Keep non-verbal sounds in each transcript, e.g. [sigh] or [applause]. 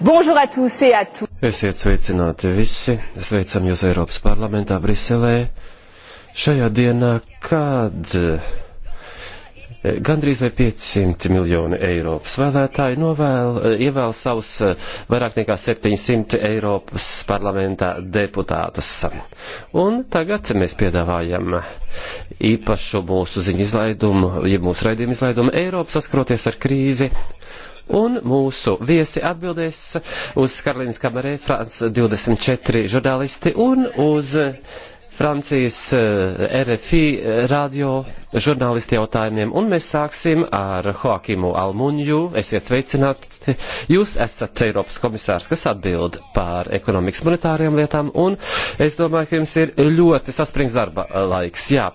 Bonjour à tous et à tous. Esiet sveicināti visi. Sveicam jūs Eiropas parlamentā Briselē. Šajā dienā, kad eh, gandrīz vai 500 miljoni Eiropas vēlētāji novēl, eh, ievēl savus eh, vairāk nekā 700 Eiropas parlamentā deputātus. Un tagad mēs piedāvājam īpašu mūsu ziņu izlaidumu, ja mūsu raidījumu izlaidumu Eiropu saskroties ar krīzi un mūsu viesi atbildēs uz Karolīnas kamerē Frans 24 žurnālisti un uz Francijas eh, RFI radio žurnālisti jautājumiem. Un mēs sāksim ar Hoakimu Almuņu. Esiet sveicināti. Jūs esat Eiropas komisārs, kas atbild par ekonomikas monetāriem lietām, un es domāju, ka jums ir ļoti saspringts darba laiks. Jā,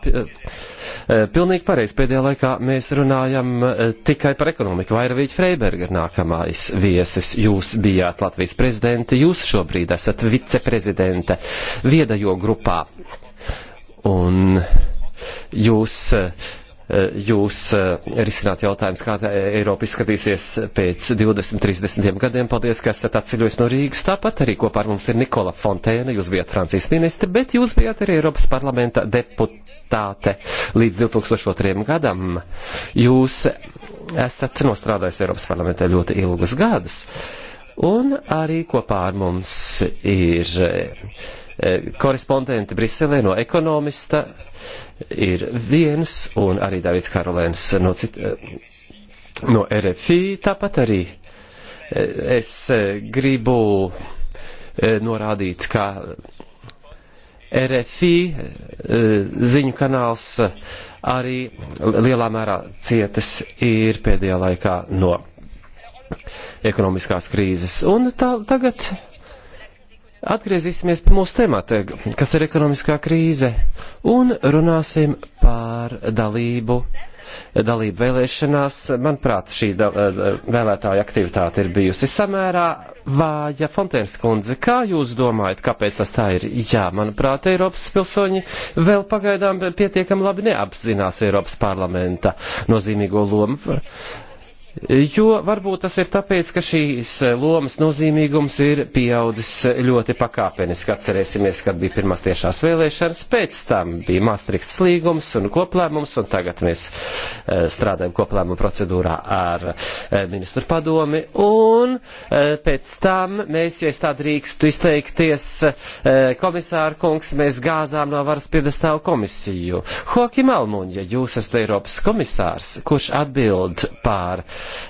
Eh, pilnīgi pareizi. Pēdējā laikā mēs runājam eh, tikai par ekonomiku. Vairavīģi Freiberga ir nākamais viesis. Jūs bijāt Latvijas prezidenti, jūs šobrīd esat viceprezidente viedajo grupā. Un jūs uh, Eh, jūs eh, risināt jautājumus, kā Eiropa izskatīsies pēc 20, 30 gadiem. Paldies, ka esat atceļojis no Rīgas. Tāpat arī kopā ar mums ir Nikola Fontēna, jūs bijat Francijas ministri, bet jūs bijat arī Eiropas parlamenta deputāte līdz 2002 gadam. Jūs esat nostrādājis Eiropas parlamentā ļoti ilgus gadus. Un arī kopā ar mums ir eh, korespondenti Briselē no ekonomista ir viens, un arī Davids Karolēns no, cit, eh, no RFI. Tāpat arī eh, es eh, gribu norādīt, ka RFI ziņu kanāls arī lielā mērā cietas ir pēdējā laikā no ekonomiskās krīzes. Un tā, tagad Atgriezīsimies pie mūsu temata, kas ir ekonomiskā krīze, un runāsim par dalību, dalību vēlēšanās. Manuprāt, šī da, vēlētāja aktivitāte ir bijusi samērā vāja. Fontēns kundze, kā jūs domājat, kāpēc tas tā ir? Jā, manuprāt, Eiropas pilsoņi vēl pagaidām pietiekam labi neapzinās Eiropas parlamenta nozīmīgo lomu. Jo varbūt tas ir tāpēc, ka šīs lomas nozīmīgums ir pieaudzis ļoti pakāpeniski. Atcerēsimies, kad bija pirmās tiešās vēlēšanas, pēc tam bija Maastrichts līgums un koplēmums, un tagad mēs eh, strādājam koplēmu procedūrā ar eh, ministru padomi, un eh, pēc tam mēs, ja es tā drīkstu izteikties, komisāra kungs, mēs gāzām no varas piedestāvu komisiju. Hoki Malmuņa, jūs esat Eiropas komisārs, kurš atbild pār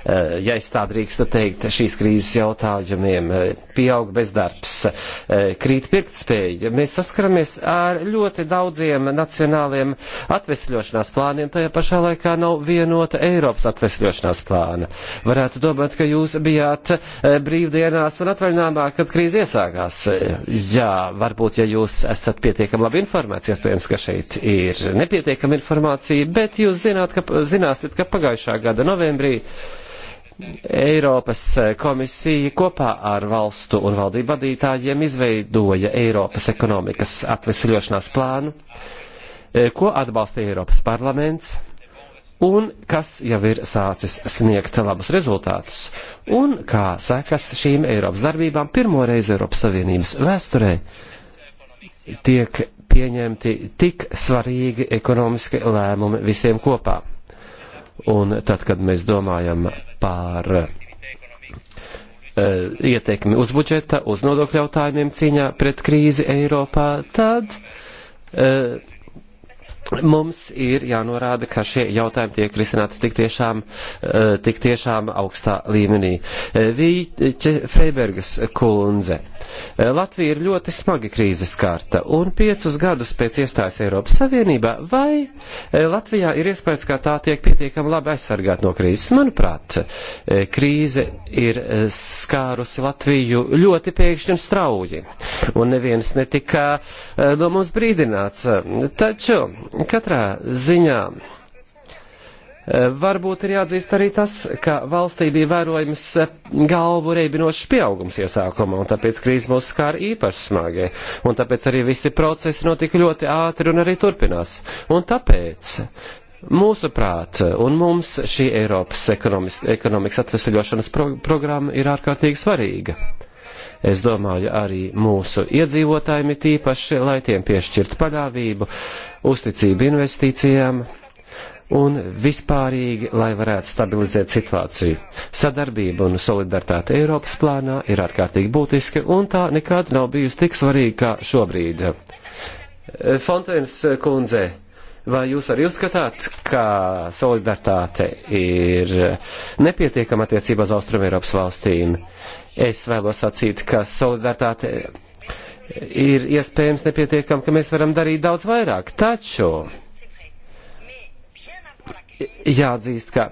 Eh, ja es tā drīkstu teikt, šīs krīzes jautājumiem. Eh, pieaug bezdarbs, eh, krīt pirktspēja. Mēs saskaramies ar ļoti daudziem nacionāliem atvesļošanās plāniem, tajā pašā laikā nav vienota Eiropas atvesļošanās plāna. Varētu domāt, ka jūs bijāt brīvdienās un atvaļinājumā, kad krīze iesākās. Jā, varbūt, ja jūs esat pietiekami labi informēts, iespējams, ka šeit ir nepietiekama informācija, bet jūs zināt, ka, zināsiet, ka pagājušā gada novembrī uh, Eiropas eh, komisija kopā ar valstu un valdību vadītājiem izveidoja Eiropas ekonomikas atvesļošanās plānu, eh, ko atbalsta Eiropas parlaments un kas jau ir sācis sniegt labus rezultātus. Un kā sekas šīm Eiropas darbībām pirmoreiz Eiropas Savienības vēsturē tiek pieņemti tik svarīgi ekonomiski lēmumi visiem kopā. Un tad, kad mēs domājam par eh, ietekmi uz budžeta, uz nodokļu jautājumiem cīņā pret krīzi Eiropā, tad uh, Mums ir jānorāda, ka šie jautājumi tiek risināti tik tiešām, eh, tik tiešām augstā līmenī. Eh, Vīķe Freibergas kundze. Eh, Latvija ir ļoti smagi krīzes kārta, un piecus gadus pēc iestājas Eiropas Savienībā, vai Latvijā ir iespējas, ka tā tiek pietiekami labi aizsargāt no krīzes? Manuprāt, krīze ir skārusi Latviju ļoti pēkšņi un strauji, un neviens netika no mums brīdināts. Taču, Katrā ziņā e, varbūt ir jāatzīst arī tas, ka valstī bija vērojams e, galvu reibinošs pieaugums iesākumā, un tāpēc krīze mūs skāra īpaši smagi, un tāpēc arī visi procesi notika ļoti ātri un arī turpinās. Un tāpēc Mūsuprāt, un mums šī Eiropas ekonomikas atvesaļošanas pro programma ir ārkārtīgi svarīga. Es domāju, arī mūsu iedzīvotājiem ir tīpaši, lai tiem piešķirtu paļāvību, uzticību investīcijām un vispārīgi, lai varētu stabilizēt situāciju. Sadarbība un solidaritāte Eiropas plānā ir ārkārtīgi būtiska, un tā nekad nav bijusi tik svarīga kā šobrīd. Fontēns kundze, vai jūs arī uzskatāt, ka solidaritāte ir nepietiekama attiecībā uz Austrum Eiropas valstīm? Uh, Es vēlos sacīt, ka solidaritāte ir iespējams nepietiekama, ka mēs varam darīt daudz vairāk. Taču jāatzīst, ka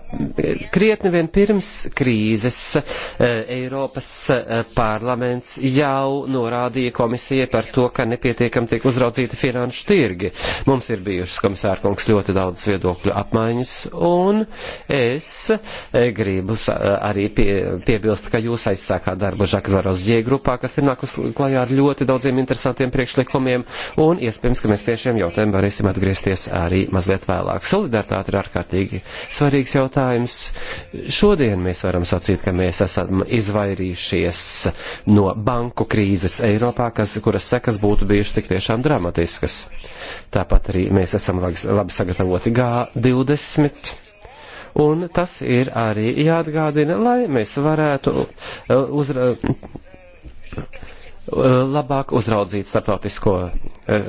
krietni vien pirms krīzes eh, Eiropas eh, parlaments jau norādīja komisijai par to, ka nepietiekam tiek uzraudzīti finanšu tirgi. Mums ir bijušas komisārkungs ļoti daudz viedokļu apmaiņas, un es eh, gribu arī pie, piebilst, ka jūs aizsākāt darbu Žakvarozie grupā, kas ir nākus klajā ar ļoti daudziem interesantiem priekšlikumiem, un iespējams, ka mēs pie šiem jautājumiem varēsim atgriezties arī mazliet vēlāk. Solidaritāte ir ārkārtīgi ārkārtīgi svarīgs jautājums. Šodien mēs varam sacīt, ka mēs esam izvairījušies no banku krīzes Eiropā, kas, kuras sekas būtu bijušas tik tiešām dramatiskas. Tāpat arī mēs esam labi, labi sagatavoti G20 un tas ir arī jāatgādina, lai mēs varētu uh, uzra uh, labāk uzraudzīt starptautisko uh,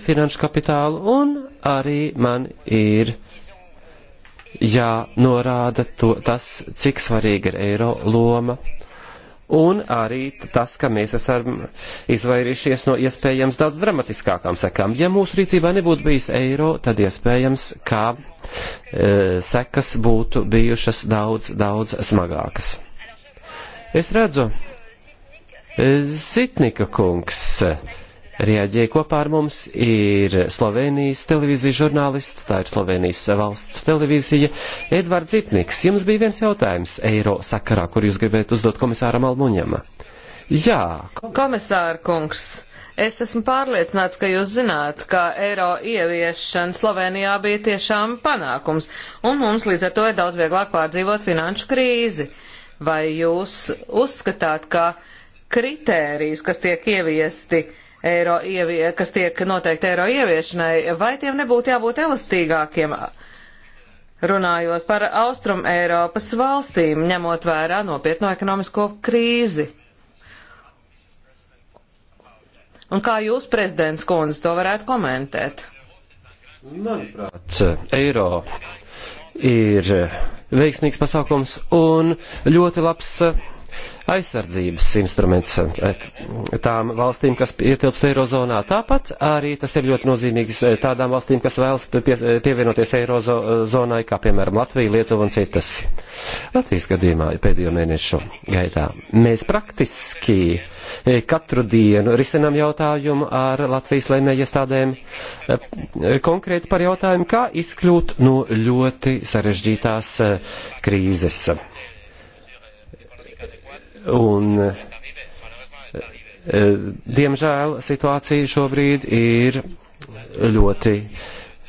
finanšu kapitālu, un arī man ir jānorāda to, tas, cik svarīga ir eiro loma. Un arī tas, ka mēs esam izvairījušies no iespējams daudz dramatiskākām sekām. Ja mūsu rīcībā nebūtu bijis eiro, tad iespējams, ka e, sekas būtu bijušas daudz, daudz smagākas. Es redzu, Zitnika e, kungs reaģēja kopā ar mums, ir Slovenijas televīzijas žurnālists, tā ir Slovenijas valsts televīzija, Edvards Zitniks. Jums bija viens jautājums eiro sakarā, kur jūs gribētu uzdot komisāram Almuņam. Jā. Komisāra kungs. Es esmu pārliecināts, ka jūs zināt, ka eiro ieviešana Slovenijā bija tiešām panākums, un mums līdz ar to ir daudz vieglāk pārdzīvot finanšu krīzi. Vai jūs uzskatāt, ka kritērijus, kas tiek ieviesti, uh, eiro, ievie, kas tiek noteikti eiro ieviešanai, vai tiem nebūtu jābūt elastīgākiem? Runājot par Austrum Eiropas valstīm, ņemot vērā nopietno ekonomisko krīzi. Un kā jūs, prezidents Kundze, to varētu komentēt? Manuprāt, eiro ir veiksmīgs pasākums un ļoti labs aizsardzības instruments eh, tām valstīm, kas ietilpst Eirozonā. Tāpat arī tas ir ļoti nozīmīgs eh, tādām valstīm, kas vēlas pievienoties Eirozonai, kā piemēram Latvija, Lietuva un citas. Latvijas gadījumā pēdējo mēnešu gaitā mēs praktiski eh, katru dienu risinām jautājumu ar Latvijas lēmējiestādēm konkrēti par jautājumu, kā izkļūt no ļoti sarežģītās krīzes. Un, eh, diemžēl situācija šobrīd ir ļoti,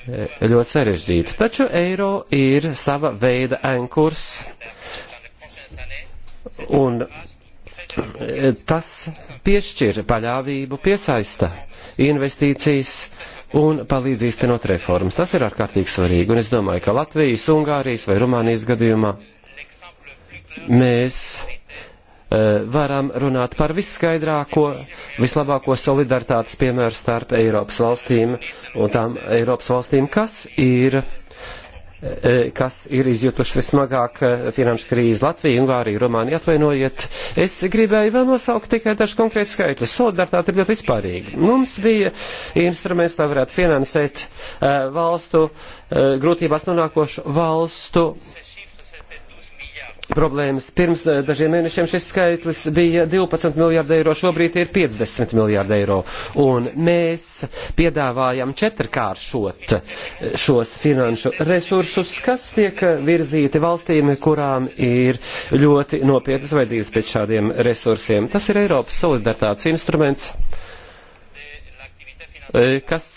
eh, ļoti sarežģīta. Taču eiro ir sava veida ankurs, un eh, tas piešķir paļāvību, piesaista investīcijas un palīdz īstenot reformas. Tas ir ārkārtīgi svarīgi, un es domāju, ka Latvijas, Ungārijas vai Rumānijas gadījumā mēs Eh, varam runāt par visskaidrāko, vislabāko solidaritātes piemēru starp Eiropas valstīm un tām Eiropas valstīm, kas ir eh, eh, kas ir izjutuši vismagāk finanšu krīzi Latviju, Ungāriju, Rumāniju. Atvainojiet, es gribēju vēl nosaukt tikai dažus konkrētus skaitļus. Solidaritāte ir ļoti vispārīga. Mums bija instruments, lai varētu finansēt valstu, grūtībās nonākošu valstu problēmas. Pirms eh, dažiem mēnešiem šis skaitlis bija 12 miljārdi eiro, šobrīd ir 50 miljārdi eiro. Un mēs piedāvājam četrkāršot eh, šos finanšu resursus, kas tiek virzīti valstīm, kurām ir ļoti nopietnas vajadzības pēc šādiem resursiem. Tas ir Eiropas solidaritātes instruments, eh, kas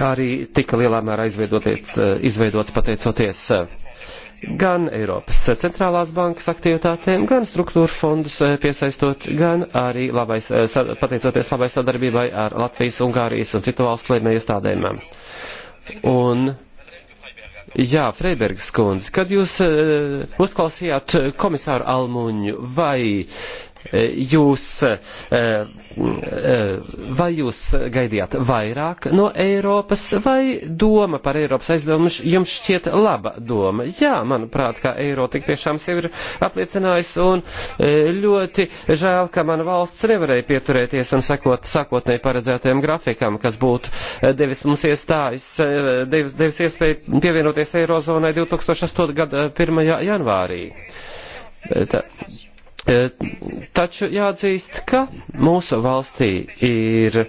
arī tika lielā mērā izveidoties, izveidots pateicoties gan Eiropas centrālās bankas aktivitātēm, gan struktūra fondus eh, piesaistot, gan arī labais, eh, pateicoties labai sadarbībai ar Latvijas, Ungārijas un citu valstu lēmēju iestādēm. Un Jā, Freibergs kundze, kad jūs uh, uzklausījāt komisāru Almuņu, vai Eh, jūs, eh, eh, vai jūs gaidījāt vairāk no Eiropas, vai doma par Eiropas aizdevumu jums šķiet laba doma? Jā, manuprāt, kā eiro tik tiešām sev ir apliecinājis, un ļoti žēl, ka mana valsts nevarēja pieturēties un sekot sākotnēji paredzētajam grafikam, kas būtu devis mums iestājas, devis, devis iespēju pievienoties Eirozonai 2008. gada 1. janvārī. Tā. Eh, taču jāatzīst, ka mūsu valstī ir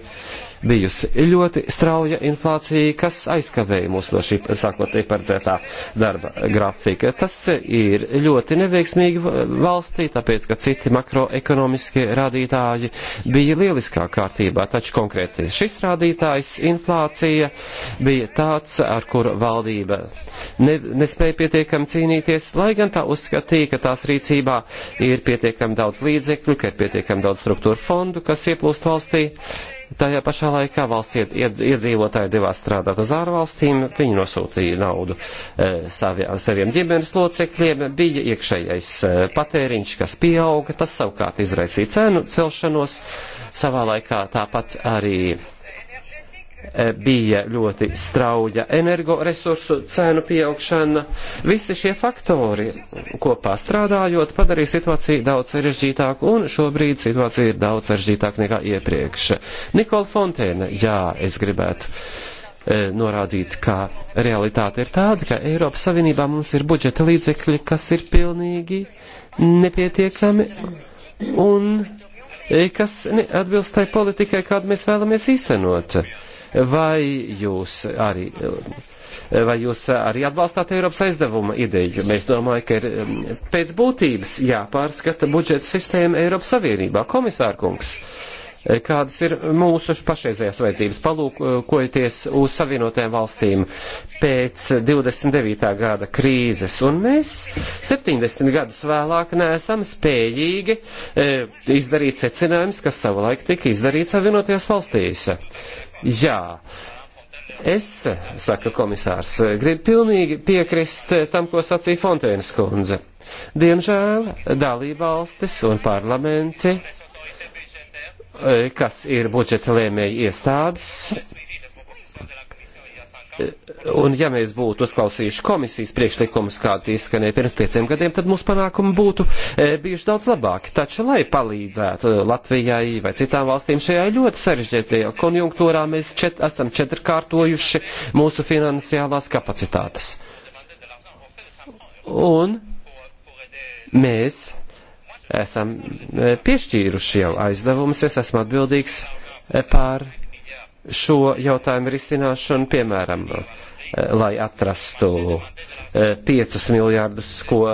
bijusi ļoti strauja inflācija, kas aizkavēja mūs no šī sākotnēji paredzētā darba grafika. Tas ir ļoti neveiksmīgi valstī, tāpēc, ka citi makroekonomiskie rādītāji bija lieliskā kārtībā, taču konkrēti šis rādītājs inflācija bija tāds, ar kuru valdība ne, nespēja pietiekami cīnīties, lai gan tā uzskatīja, ka tās rīcībā ir pietiekami daudz līdzekļu, ka ir pietiekami daudz struktūra fondu, kas ieplūst valstī, Tajā pašā laikā valsts iedzīvotāji devās strādāt uz ārvalstīm, viņi nosūtīja naudu e, savi, saviem ģimenes locekļiem, bija iekšējais e, patēriņš, kas pieauga, tas savukārt izraisīja cenu celšanos, savā laikā tāpat arī Eh, bija ļoti strauja energoresursu cēnu pieaugšana. Visi šie faktori kopā strādājot padarīja situāciju daudz sarežģītāku, un šobrīd situācija ir daudz sarežģītāka nekā iepriekš. Nikola Fontēna, jā, es gribētu e, norādīt, ka realitāte ir tāda, ka Eiropas Savienībā mums ir budžeta līdzekļi, kas ir pilnīgi nepietiekami un e, kas neatbilst tai politikai, kādu mēs vēlamies īstenot. Uh, Vai jūs arī. Vai jūs arī atbalstāt Eiropas aizdevuma ideju? Mēs domājam, ka ir um, pēc būtības jāpārskata budžeta sistēma Eiropas Savienībā. Komisārkungs, uh, E, kādas ir mūsu pašreizējās vajadzības. Palūkojieties uz Savienotajām valstīm pēc 29. gada krīzes, un mēs 70 gadus vēlāk neesam spējīgi e, izdarīt secinājumus, kas savulaik tika izdarīts Savienotajās valstīs. Jā. Es, saka komisārs, gribu pilnīgi piekrist tam, ko sacīja Fontēnas kundze. Diemžēl dalībvalstis un parlamenti Eh, kas ir budžeta lēmēji iestādes. Eh, un ja mēs būtu uzklausījuši komisijas priekšlikumus, kādi izskanēja pirms pieciem gadiem, tad mūsu panākumi būtu eh, bijuši daudz labāki. Taču, lai palīdzētu Latvijai vai citām valstīm šajā ļoti sarežģītajā konjunktūrā, mēs čet, esam četrkārtojuši mūsu finansiālās kapacitātes. Un mēs esam e, piešķīruši jau aizdevumus. Es esmu atbildīgs e, pār šo jautājumu risināšanu, piemēram, e, lai atrastu 5 miljārdus, ko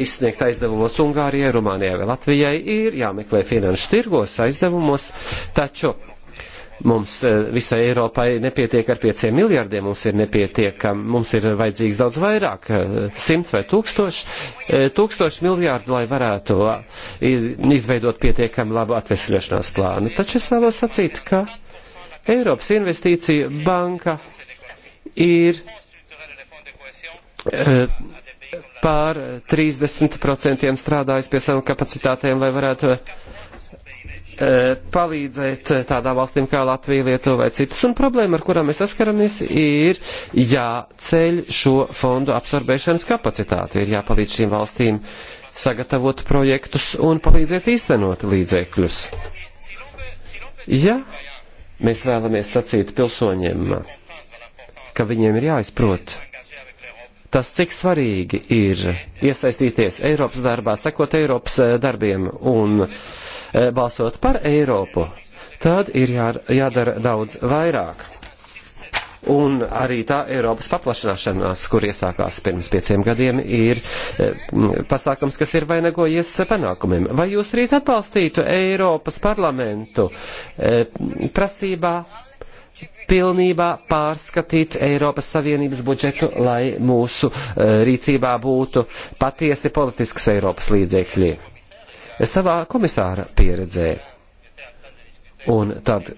izsniegt aizdevumos Ungārijai, Rumānijai vai Latvijai, ir jāmeklē finanšu tirgos aizdevumos, taču Mums e, visai Eiropai nepietiek ar pieciem miljardiem, mums ir nepietiekam, mums ir vajadzīgs daudz vairāk, e, simts vai tūkstoši, e, tūkstoši miljārdu, lai varētu izveidot pietiekam labu atvesļošanās plānu. Taču es vēlos sacīt, ka Eiropas investīcija banka ir pār 30% strādājis pie savām kapacitātēm, lai varētu uh, E, palīdzēt e, tādām valstīm kā Latvija, Lietuva vai citas. Un problēma, ar kurām mēs saskaramies, ir jāceļ šo fondu absorbēšanas kapacitāti. Ir jāpalīdz šīm valstīm sagatavot projektus un palīdzēt īstenot līdzekļus. Ja mēs vēlamies sacīt pilsoņiem, ka viņiem ir jāizprot tas, cik svarīgi ir iesaistīties Eiropas darbā, sekot Eiropas e, darbiem un uh, Eh, balsot par Eiropu, tad ir jā, jādara daudz vairāk. Un arī tā Eiropas paplašināšanās, kur iesākās pirms pieciem gadiem, ir eh, pasākums, kas ir vainagojies panākumiem. Vai jūs rīt atbalstītu Eiropas parlamentu eh, prasībā pilnībā pārskatīt Eiropas Savienības budžetu, lai mūsu rīcībā būtu patiesi politisks Eiropas līdzekļi? savā komisāra pieredzē. Un tad,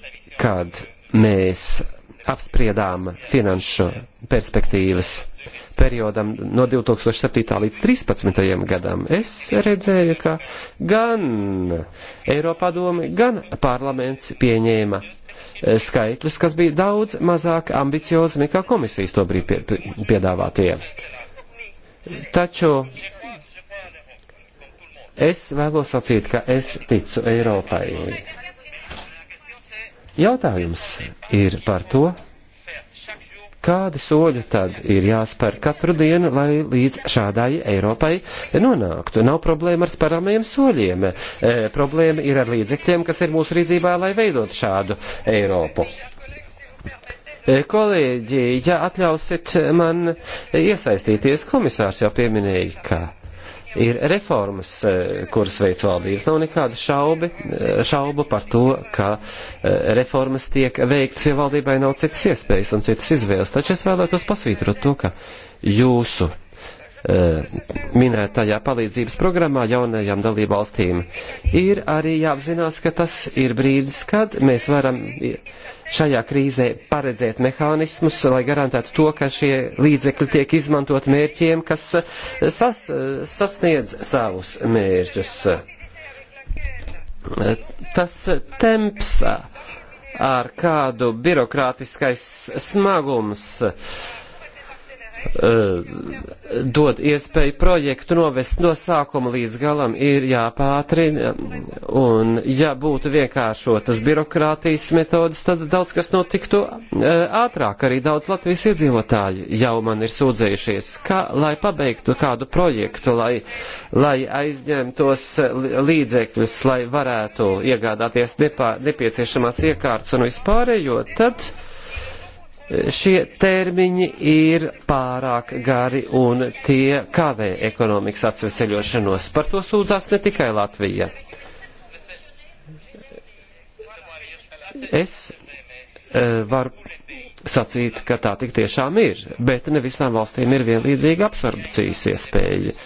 kad mēs apspriedām finanšu perspektīvas periodam no 2007. līdz 2013. gadam, es redzēju, ka gan Eiropadomi, gan parlaments pieņēma eh, skaitļus, kas bija daudz mazāk ambiciozi nekā komisijas tobrīd piedāvātie. Taču Es vēlos sacīt, ka es ticu Eiropai. Jautājums ir par to, kādi soļi tad ir jāspēr katru dienu, lai līdz šādai Eiropai nonāktu. Nav problēma ar spēramajiem soļiem. E, problēma ir ar līdzekļiem, kas ir mūsu rīcībā, lai veidot šādu Eiropu. E, kolēģi, ja atļausit man iesaistīties, komisārs jau pieminēja, ka ir reformas, eh, kuras veids valdības. Nav nekāda šaubi, eh, šaubu par to, ka eh, reformas tiek veiktas, ja valdībai nav citas iespējas un citas izvēles. Taču es vēlētos pasvītrot to, ka jūsu Eh, minētajā palīdzības programmā jaunajām dalībvalstīm, ir arī jāapzinās, ka tas ir brīdis, kad mēs varam šajā krīzē paredzēt mehānismus, lai garantētu to, ka šie līdzekļi tiek izmantot mērķiem, kas eh, sas, eh, sasniedz savus mērķus. Tas temps ar kādu birokrātiskais smagums uh, Eh, dod iespēju projektu novest no sākuma līdz galam, ir jāpātrina, un ja būtu vienkāršotas birokrātijas metodas, tad daudz kas notiktu eh, ātrāk. Arī daudz Latvijas iedzīvotāji jau man ir sūdzējušies, ka, lai pabeigtu kādu projektu, lai, lai aizņemtos līdzekļus, lai varētu iegādāties nepā, nepieciešamās iekārtas un vispārējo, tad šie termiņi ir pārāk gari un tie kavē ekonomikas atveseļošanos. Par to sūdzās ne tikai Latvija. Es eh, varu sacīt, ka tā tik tiešām ir, bet ne visām valstīm ir vienlīdzīga absorpcijas iespēja.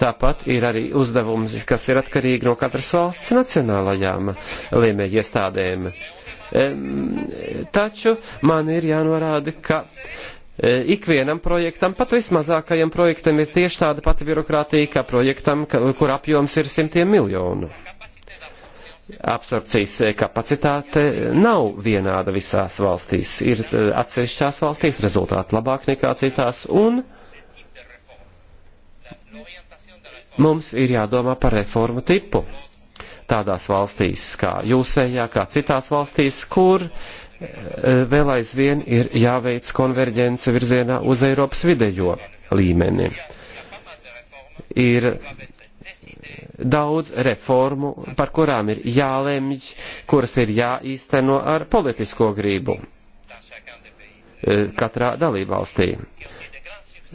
Tāpat ir arī uzdevums, kas ir atkarīgi no katras valsts nacionālajām līmeņa iestādēm. Ja Taču man ir jānorāda, ka e, ikvienam projektam, pat vismazākajam projektam, ir tieši tāda pati birokrātija kā projektam, kur apjoms ir simtiem miljonu. Absorpcijas e, kapacitāte nav vienāda visās valstīs. Ir e, atsevišķās valstīs rezultāti labāk nekā citās, un mums ir jādomā par reformu tipu tādās valstīs kā jūsējā, kā citās valstīs, kur eh, vēl aizvien ir jāveic konverģence virzienā uz Eiropas vidējo līmeni. Ir daudz reformu, par kurām ir jālemj, kuras ir jāīsteno ar politisko grību eh, katrā dalībvalstī.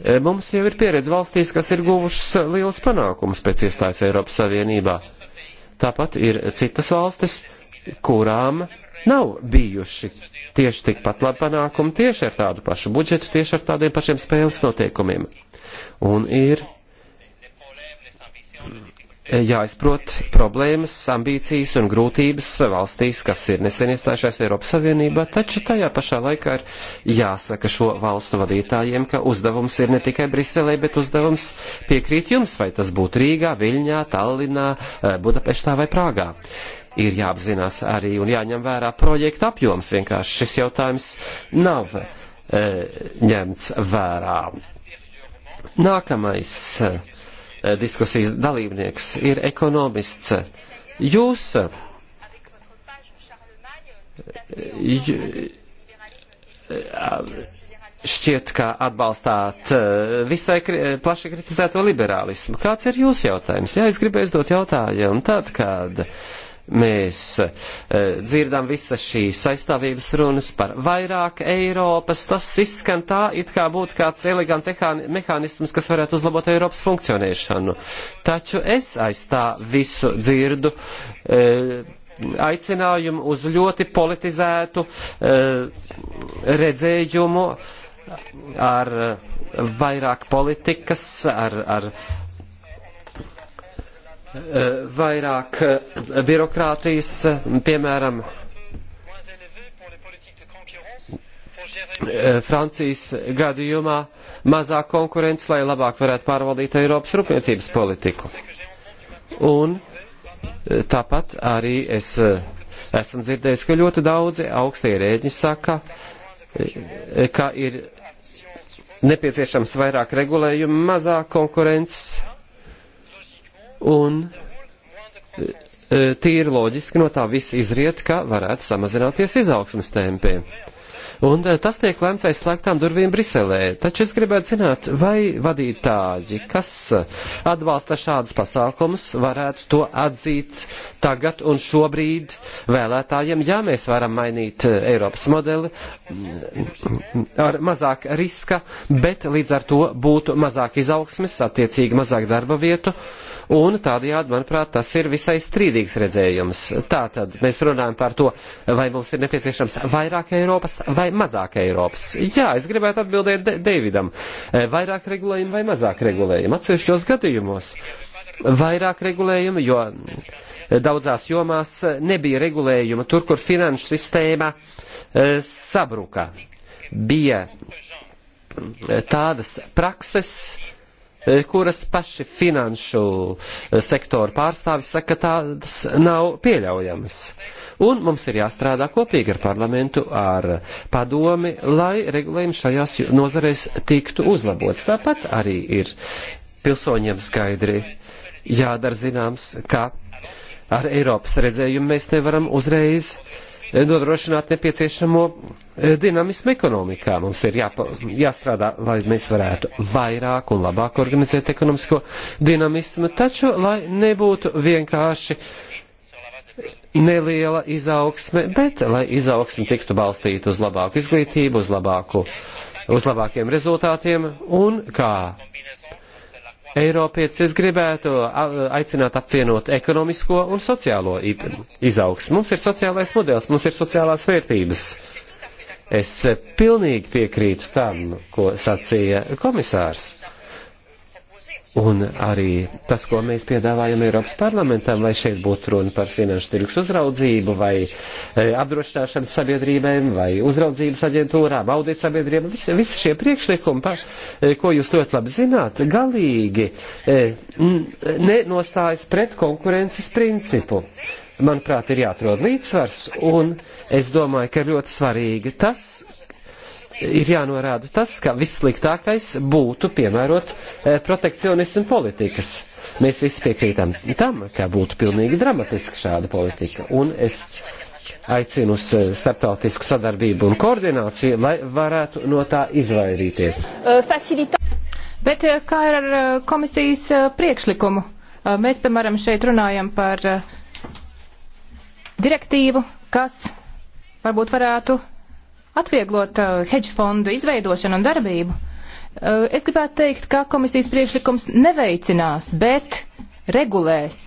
Eh, mums jau ir pieredze valstīs, kas ir guvušas liels panākums pēc iestājas Eiropas Savienībā Tāpat ir citas valstis, kurām nav bijuši tieši tikpat labi panākumi tieši ar tādu pašu budžetu, tieši ar tādiem pašiem spēles noteikumiem. Un ir Mm. jāizprot problēmas, ambīcijas un grūtības valstīs, kas ir nesen iestājušās Eiropas Savienībā, taču tajā pašā laikā ir jāsaka šo valstu vadītājiem, ka uzdevums ir ne tikai Briselē, bet uzdevums piekrīt jums, vai tas būtu Rīgā, Viļņā, Tallinā, eh, Budapeštā vai Prāgā ir jāapzinās arī un jāņem vērā projekta apjoms. Vienkārši šis jautājums nav e, ņemts vērā. Nākamais eh, Eh, diskusijas dalībnieks ir ekonomists. Jūs, eh, j, eh, šķiet, ka atbalstāt visai kri plaši kritizēto liberālismu. Kāds ir jūsu jautājums? Jā, es gribēju uzdot jautājumu tad, kad. Uh, Mēs e, dzirdam visas šīs aizstāvības runas par vairāk Eiropas. Tas izskan tā, it kā būtu kāds elegants mehānisms, kas varētu uzlabot Eiropas funkcionēšanu. Taču es aiz tā visu dzirdu e, aicinājumu uz ļoti politizētu e, redzējumu ar vairāk politikas, ar, ar Eh, vairāk eh, birokrātijas, eh, piemēram, Francijas gadījumā mazāk konkurence, lai labāk varētu pārvaldīt Eiropas rūpniecības politiku. Un tāpat arī es esmu dzirdējis, ka ļoti daudzi augstie rēģi saka, ka ir nepieciešams vairāk regulējumu, mazāk konkurences Un e, e, tīri loģiski no tā viss izriet, ka varētu samazināties izaugsmas tempi. Un e, tas tiek lemts aiz slēgtām durvīm Briselē. Taču es gribētu zināt, vai vadītāji, kas atbalsta šādas pasākumus, varētu to atzīt tagad un šobrīd vēlētājiem, ja mēs varam mainīt Eiropas modeli ar mazāk riska, bet līdz ar to būtu mazāk izaugsmes, attiecīgi mazāk darba vietu un tādējādi, manuprāt, tas ir visai strīdīgs redzējums. Tātad mēs runājam par to, vai mums ir nepieciešams vairāk Eiropas vai mazāk Eiropas. Jā, es gribētu atbildēt De Deividam. Eh, vairāk regulējumu vai mazāk regulējumu? Atsevišķos gadījumos vairāk regulējumu, jo daudzās jomās nebija regulējuma tur, kur finanšu sistēma eh, sabruka. Bija eh, tādas prakses, E, kuras paši finanšu e, sektoru pārstāvi saka, ka tādas nav pieļaujamas. Un mums ir jāstrādā kopīgi ar parlamentu, ar padomi, lai regulējumi šajās nozarēs tiktu uzlabots. Tāpat arī ir pilsoņiem skaidri jādara zināms, ka ar Eiropas redzējumu mēs nevaram uzreiz uh, nodrošināt nepieciešamo eh, dinamismu ekonomikā. Mums ir jāpa, jāstrādā, lai mēs varētu vairāk un labāk organizēt ekonomisko dinamismu, taču lai nebūtu vienkārši neliela izaugsme, bet lai izaugsme tiktu balstīta uz labāku izglītību, uz labāku uz labākiem rezultātiem un kā Eiropietis, es gribētu aicināt apvienot ekonomisko un sociālo izaugsmu. Mums ir sociālais modelis, mums ir sociālās vērtības. Es pilnīgi piekrītu tam, ko sacīja komisārs. Un arī tas, ko mēs piedāvājam Eiropas parlamentam, vai šeit būtu runa par finanšu tirgus uzraudzību, vai e, apdrošināšanas sabiedrībēm, vai uzraudzības aģentūrām, audīt sabiedrībām, visi, visi šie priekšlikumi, pa, e, ko jūs ļoti labi zināt, galīgi e, nenostājas pret konkurences principu manuprāt, ir jāatrod līdzsvars, un es domāju, ka ir ļoti svarīgi tas, ir jānorāda tas, ka vissliktākais būtu piemērot eh, protekcionismu politikas. Mēs visi piekrītam tam, ka būtu pilnīgi dramatiski šāda politika. Un es aicinu uz eh, starptautisku sadarbību un koordināciju, lai varētu no tā izvairīties. Eh, Bet kā ir ar komisijas priekšlikumu? Mēs, piemēram, šeit runājam par direktīvu, kas varbūt varētu atvieglot uh, hedge fondu izveidošanu un darbību, uh, es gribētu teikt, ka komisijas priekšlikums neveicinās, bet regulēs.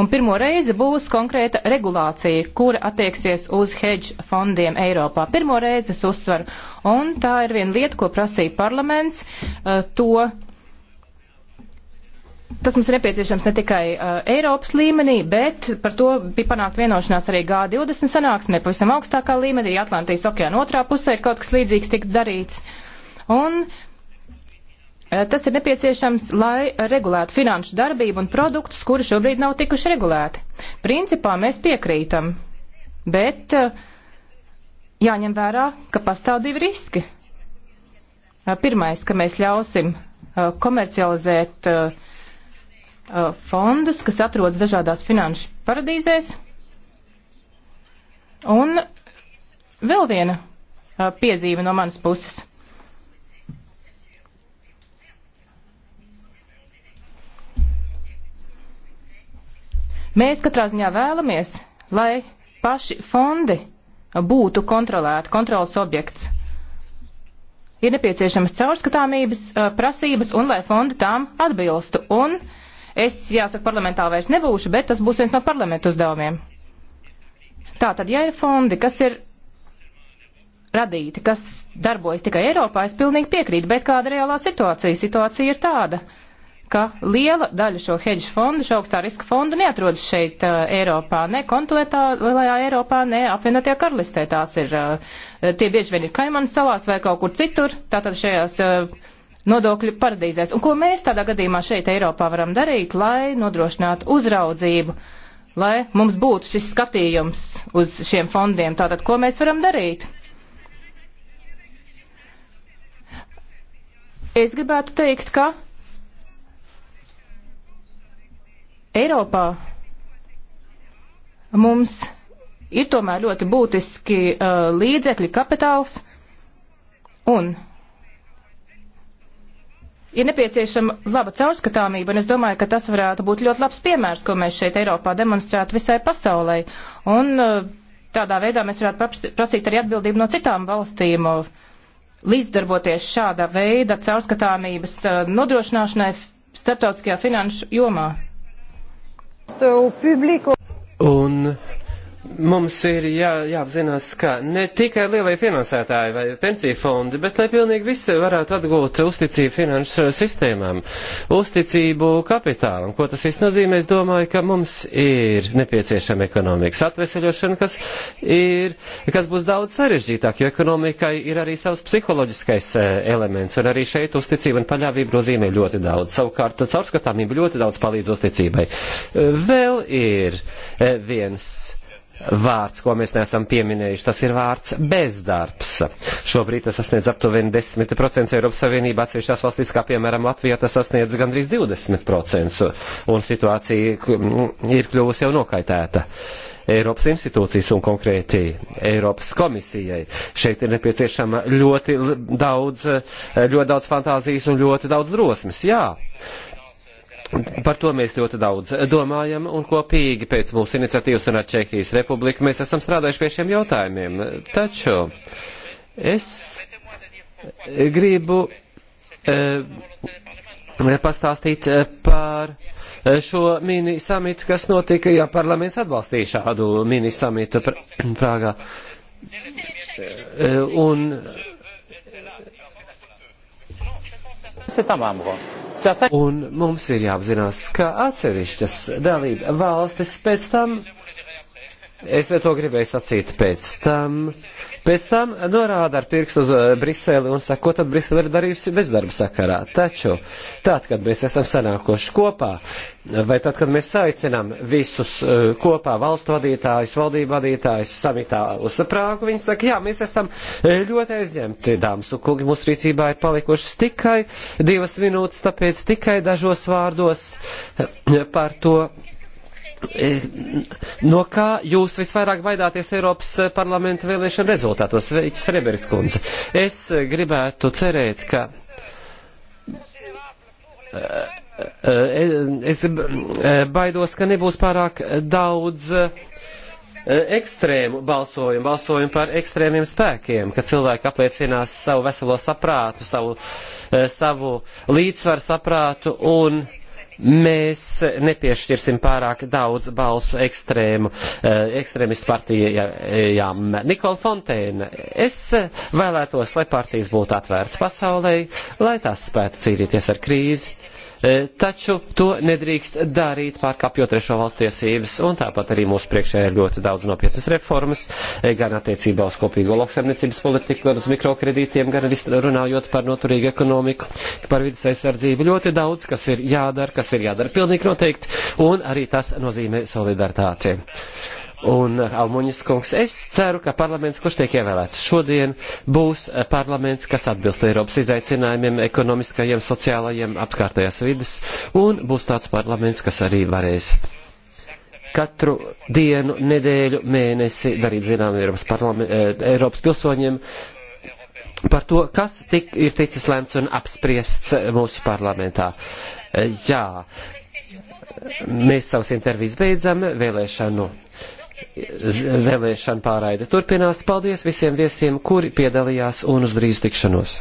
Un pirmo reizi būs konkrēta regulācija, kura attieksies uz hedge fondiem Eiropā. Pirmo reizi es uzsvaru. Un tā ir viena lieta, ko prasīja parlaments, uh, to Tas mums ir nepieciešams ne tikai uh, Eiropas līmenī, bet par to bija panākt vienošanās arī G20 sanāksmē, pavisam augstākā līmenī, arī Atlantijas okeāna otrā pusē ir kaut kas līdzīgs tik darīts. Un uh, tas ir nepieciešams, lai regulētu finanšu darbību un produktus, kuri šobrīd nav tikuši regulēti. Principā mēs piekrītam, bet uh, jāņem vērā, ka pastāv divi riski. Uh, pirmais, ka mēs ļausim uh, komercializēt uh, Uh, fondus, kas atrodas dažādās finanšu paradīzēs. Un vēl viena uh, piezīme no manas puses. Mēs katrā ziņā vēlamies, lai paši fondi būtu kontrolēti, kontrols objekts. Ir nepieciešamas caurskatāmības uh, prasības un lai fondi tām atbilstu. Un uh, Es, jāsaka, parlamentā vairs nebūšu, bet tas būs viens no parlamentu uzdevumiem. Tā tad, ja ir fondi, kas ir radīti, kas darbojas tikai Eiropā, es pilnīgi piekrītu, bet kāda reālā situācija? Situācija ir tāda, ka liela daļa šo hedge fondu, šo augstā riska fondu neatrodas šeit uh, Eiropā, ne kontinentālajā Eiropā, ne apvienotajā karalistē. Tās ir, uh, tie bieži vien ir Kaimanas salās vai kaut kur citur, tātad šajās uh, nodokļu paradīzēs. Un ko mēs tādā gadījumā šeit Eiropā varam darīt, lai nodrošinātu uzraudzību, lai mums būtu šis skatījums uz šiem fondiem? Tātad, ko mēs varam darīt? Es gribētu teikt, ka Eiropā mums ir tomēr ļoti būtiski uh, līdzekļi kapitāls un ir nepieciešama laba caurskatāmība, un es domāju, ka tas varētu būt ļoti labs piemērs, ko mēs šeit Eiropā demonstrētu visai pasaulē. Un uh, tādā veidā mēs varētu prasīt arī atbildību no citām valstīm uh, līdzdarboties šāda veida caurskatāmības uh, nodrošināšanai starptautiskajā finanšu jomā. Un Mums ir jā, jāapzinās, ka ne tikai lielie finansētāji vai pensiju fondi, bet lai pilnīgi visi varētu atgūt uzticību finanšu sistēmām, uzticību kapitālam. Ko tas īsti nozīmē? Es domāju, ka mums ir nepieciešama ekonomikas atveseļošana, kas, ir, kas būs daudz sarežģītāk, jo ekonomikai ir arī savs psiholoģiskais eh, elements, un arī šeit uzticība un paļāvība nozīmē ļoti daudz. Savukārt, caurskatāmība ļoti daudz palīdz uzticībai. Vēl ir eh, viens vārds, ko mēs neesam pieminējuši, tas ir vārds bezdarbs. Šobrīd tas sasniedz aptuveni 10% Eiropas Savienībā, atsevišķās valstīs, kā piemēram Latvijā, tas sasniedz gandrīz 20%, un situācija mm, ir kļuvusi jau nokaitēta. Eiropas institūcijas un konkrēti Eiropas komisijai. Šeit ir nepieciešama ļoti daudz, ļoti daudz fantāzijas un ļoti daudz drosmes, jā. Par to mēs ļoti daudz domājam un kopīgi pēc mūsu iniciatīvas un ar Čehijas republiku mēs esam strādājuši pie šiem jautājumiem. Taču es gribu eh, pastāstīt eh, par eh, šo mini samitu, kas notika, ja parlaments atbalstīja šādu mini samitu pr [clears throat] Prāgā. Eh, un, C'est un membre. Un mums ir jāapzinās, ka atsevišķas dalība valstis pēc tam Es to gribēju sacīt pēc tam. Pēc tam norāda ar pirkstu uz eh, Briseli un saka, ko tad Brisele ir darījusi bezdarba sakarā. Taču, tad, kad mēs esam sanākoši kopā, vai tad, kad mēs aicinām visus eh, kopā valstu vadītājus, valdību vadītājus samitā uz Prāgu, viņi saka, jā, mēs esam eh, ļoti aizņemti, dāmas un kungi, mūsu rīcībā ir palikušas tikai divas minūtes, tāpēc tikai dažos vārdos par to, Eh, no kā jūs visvairāk baidāties Eiropas eh, parlamenta vēlēšana rezultātos, Veiks Freberis kundze? Es eh, gribētu cerēt, ka. Es baidos, ka nebūs pārāk daudz ekstrēmu balsojumu, balsojumu par ekstrēmiem spēkiem, ka cilvēki apliecinās savu veselo saprātu, savu, savu līdzsvaru saprātu un uh, mēs nepiešķirsim pārāk daudz balsu ekstrēmu, eh, ekstrēmistu partijām. Nikola Fonteina, es vēlētos, lai partijas būtu atvērts pasaulē, lai tās spētu cīnīties ar krīzi E, taču to nedrīkst darīt pārkāpjot trešo valstu tiesības, un tāpat arī mūsu priekšē ir ļoti daudz nopietnas reformas, e, gan attiecībā uz kopīgo lauksaimniecības politiku, gan uz mikrokredītiem, gan arī runājot par noturīgu ekonomiku, par vidas aizsardzību. Ļoti daudz, kas ir jādara, kas ir jādara pilnīgi noteikti, un arī tas nozīmē solidaritāti un eh, Almuņas kungs. Es ceru, ka parlaments, kurš tiek ievēlēts šodien, būs eh, parlaments, kas atbilst Eiropas izaicinājumiem, ekonomiskajiem, sociālajiem, apkārtējās vidas, un būs tāds parlaments, kas arī varēs katru dienu, nedēļu, mēnesi darīt zinām Eiropas, eh, Eiropas pilsoņiem par to, kas tik ir ticis lēmts un apspriests mūsu parlamentā. Jā, mēs savus intervijas beidzam vēlēšanu. No vēlēšana pārraide turpinās. Paldies visiem viesiem, kuri piedalījās un uz drīz tikšanos!